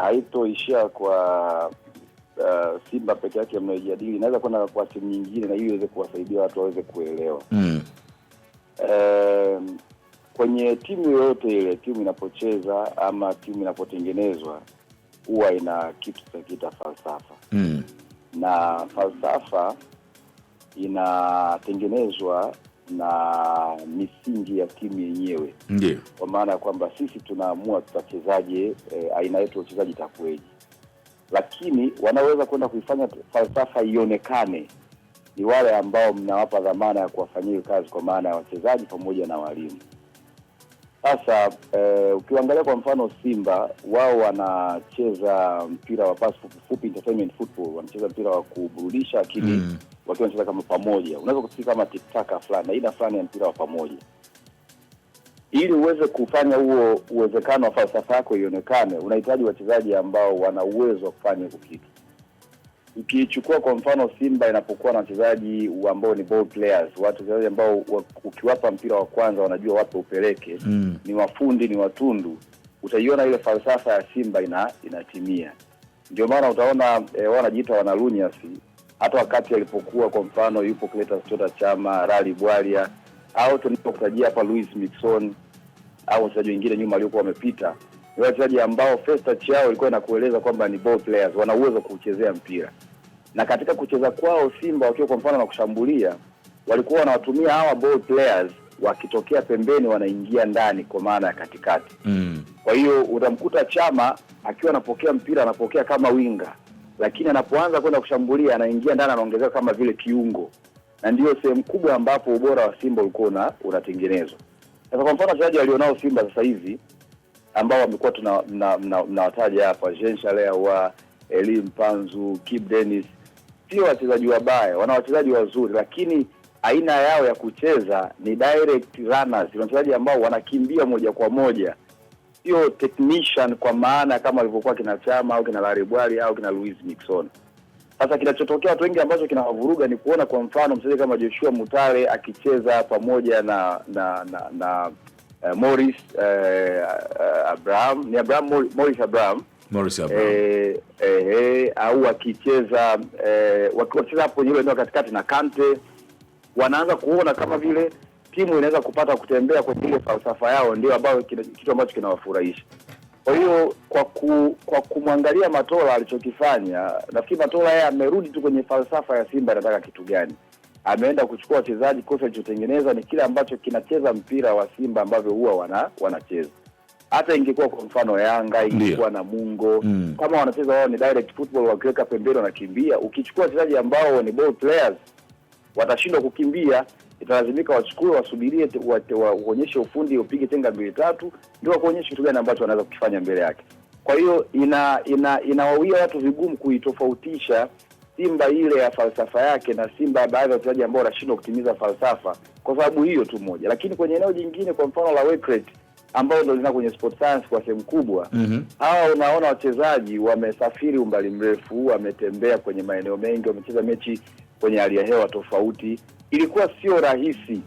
haitoishia kwa uh, Simba peke yake amejadili, inaweza kwenda kwa timu nyingine, na hiyo iweze kuwasaidia watu waweze kuelewa mm. Uh, kwenye timu yoyote ile, timu inapocheza ama timu inapotengenezwa huwa ina kitu tunakiita falsafa mm. na falsafa inatengenezwa na misingi ya timu yenyewe, ndio kwa maana ya kwamba sisi tunaamua tutachezaje, e, aina yetu ya uchezaji itakuweje, lakini wanaweza kwenda kuifanya falsafa ionekane ni wale ambao mnawapa dhamana ya kuwafanyia hiyo kazi, kwa maana ya wachezaji pamoja na walimu. Sasa e, ukiangalia kwa mfano Simba wao wanacheza mpira wa pasi fupi, entertainment football, wanacheza mpira wa kuburudisha, lakini mm wakiwa wanacheza kama pamoja, unaweza kufikiri kama tiktaka fulani, aina fulani ya mpira wa pamoja. Ili uweze kufanya huo uwezekano wa falsafa yako ionekane, unahitaji wachezaji ambao wana uwezo wa kufanya hiko kitu. Ukiichukua kwa mfano, Simba inapokuwa na wachezaji ambao ni ball players, wachezaji ambao ukiwapa mpira wa kwanza wanajua wape upeleke, mm. ni wafundi, ni watundu, utaiona ile falsafa ya Simba ina- inatimia. Ndio maana utaona e, wanajiita wanalunyasi hata wakati alipokuwa kwa mfano yupo Cletus Chota Chama, Rally Bwalia au tunapokutajia hapa Louis Mixon au wachezaji wengine nyuma waliokuwa wamepita, ni wachezaji ambao first touch yao ilikuwa inakueleza kwamba ni ball players, wana uwezo kuchezea mpira. Na katika kucheza kwao Simba wakiwa kwa mfano na kushambulia, walikuwa wanawatumia hawa ball players wakitokea pembeni wanaingia ndani kwa maana ya katikati. Mm. Kwa hiyo utamkuta Chama akiwa anapokea mpira, anapokea kama winga lakini anapoanza kwenda kushambulia anaingia ndani, anaongezeka kama vile kiungo, na ndiyo sehemu kubwa ambapo ubora wa Simba ulikuwa unatengenezwa. Sasa kwa mfano wachezaji walionao Simba sasa hivi ambao wamekuwa tunawataja hapa, Jean wa Eli Mpanzu, Kib Dennis, sio wachezaji wabaya, wana wachezaji wazuri, lakini aina yao ya kucheza ni direct runners, ni wachezaji ambao wanakimbia moja kwa moja sio technician kwa maana kama alivyokuwa kina Chama au kina Laribwali au kina Louis Nixon. Sasa kinachotokea watu wengi ambacho kinawavuruga ni kuona kwa mfano mchezaji kama Joshua Mutale akicheza pamoja na na na, na uh, Morris uh, uh, Abraham ni Abraham Morris Abraham Morris Abraham eh, eh, eh, au akicheza eh, wakicheza hapo kwenye ile eneo katikati na Kante wanaanza kuona kama vile timu inaweza kupata kutembea kwenye ile falsafa yao, ndio ambayo kitu ambacho kinawafurahisha. Kwa hiyo kwa ku, kwa kumwangalia Matola alichokifanya, nafikiri Matola yeye amerudi tu kwenye falsafa ya Simba anataka kitu gani. Ameenda kuchukua wachezaji, kosa alichotengeneza ni kile ambacho kinacheza mpira wa Simba ambavyo huwa wana, wanacheza hata ingekuwa kwa mfano Yanga ingekuwa na Mungo mm. kama wanacheza wao ni direct football, wakiweka pembeni wanakimbia. Ukichukua wachezaji ambao ni ball players watashindwa kukimbia, italazimika wachukue wasubirie, waonyeshe ufundi, upige tenga mbili tatu, ndio wakuonyeshe kitu gani ambacho wanaweza kukifanya mbele yake. Kwa hiyo ina inawawia ina watu vigumu kuitofautisha Simba ile ya falsafa yake na Simba ya baadhi ya wachezaji ambao wanashindwa kutimiza falsafa kwa sababu hiyo tu moja. Lakini kwenye eneo jingine, kwa mfano la ambao ndo lina kwenye sport science kwa sehemu kubwa mm hawa -hmm. Unaona wachezaji wamesafiri umbali mrefu, wametembea kwenye maeneo mengi, wamecheza mechi kwenye hali ya hewa tofauti, ilikuwa sio rahisi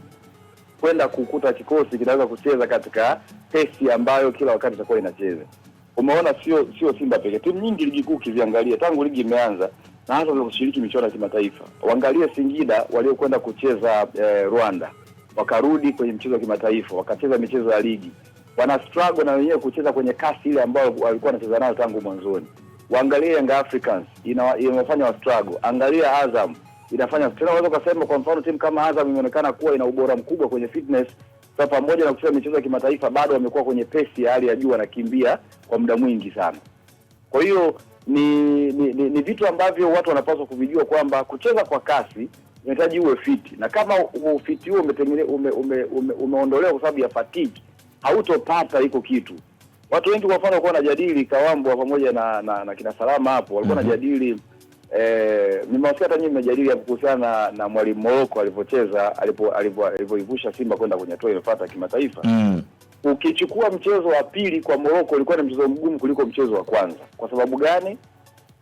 kwenda kukuta kikosi kinaweza kucheza katika pesi ambayo kila wakati itakuwa inacheza. Umeona, sio sio Simba pekee, timu nyingi ligi kuu kiziangalia tangu ligi imeanza na hata za kushiriki michuano ya kimataifa, waangalie Singida waliokwenda kucheza eh, Rwanda wakarudi kwenye mchezo wa kimataifa wakacheza michezo ya ligi, wana struggle na wenyewe kucheza kwenye kasi ile ambayo walikuwa wanacheza nayo tangu mwanzoni. Waangalie Young Africans imefanya wa struggle, angalia Azam inafanya tena. Unaweza ukasema kwa mfano timu kama Azam imeonekana kuwa ina ubora mkubwa kwenye fitness sasa, pamoja na kucheza michezo ya kimataifa bado wamekuwa kwenye pesi ya hali ya juu, wanakimbia kwa muda mwingi sana. Kwa hiyo ni ni, ni ni vitu ambavyo watu wanapaswa kuvijua kwamba kucheza kwa kasi unahitaji uwe fiti, na kama ufiti huo umeondolewa ume, ume, ume, ume kwa sababu ya fatigue, hautopata hiko kitu. Watu wengi kwa mfano walikuwa wanajadili Kawambwa pamoja na, na, na kina Salama hapo walikuwa mhm. wanajadili mm -hmm eh, nimewasikia hata nyinyi mmejadili ya kuhusiana na na mwalimu Moroko alivyocheza alivyoivusha Simba kwenda kwenye hatua iliyofuata kimataifa mm. Ukichukua mchezo wa pili kwa Moroko ulikuwa ni mchezo mgumu kuliko mchezo wa kwanza. Kwa sababu gani?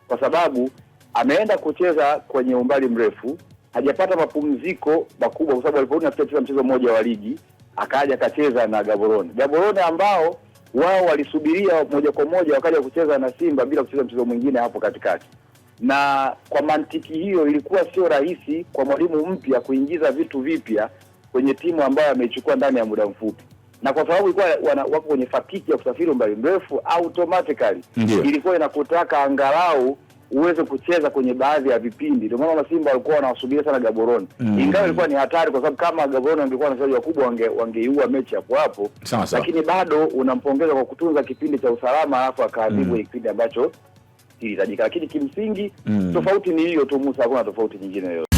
Kwa sababu ameenda kucheza kwenye umbali mrefu, hajapata mapumziko makubwa, kwa sababu aliporudi nafikiri alicheza mchezo mmoja wa ligi, akaja akacheza na Gaborone. Gaborone ambao wao walisubiria moja kwa moja wakaja kucheza na Simba bila kucheza mchezo mwingine hapo katikati na kwa mantiki hiyo ilikuwa sio rahisi kwa mwalimu mpya kuingiza vitu vipya kwenye timu ambayo ameichukua ndani ya muda mfupi, na kwa sababu ilikuwa wako kwenye fatiki ya kusafiri umbali mrefu, automatically ilikuwa inakutaka angalau uweze kucheza kwenye baadhi ya vipindi. Ndio maana Simba walikuwa wanawasubiria sana Gaborone mm -hmm. Ingawa ilikuwa ni hatari, kwa sababu kama Gaborone angekuwa na wachezaji wakubwa wange, wangeiua mechi hapo hapo, lakini bado unampongeza kwa kutunza kipindi cha usalama, alafu akaadhibu mm -hmm. kipindi ambacho kusikilizajika, lakini kimsingi mm. tofauti ni hiyo tu Musa, hakuna tofauti nyingine yoyote.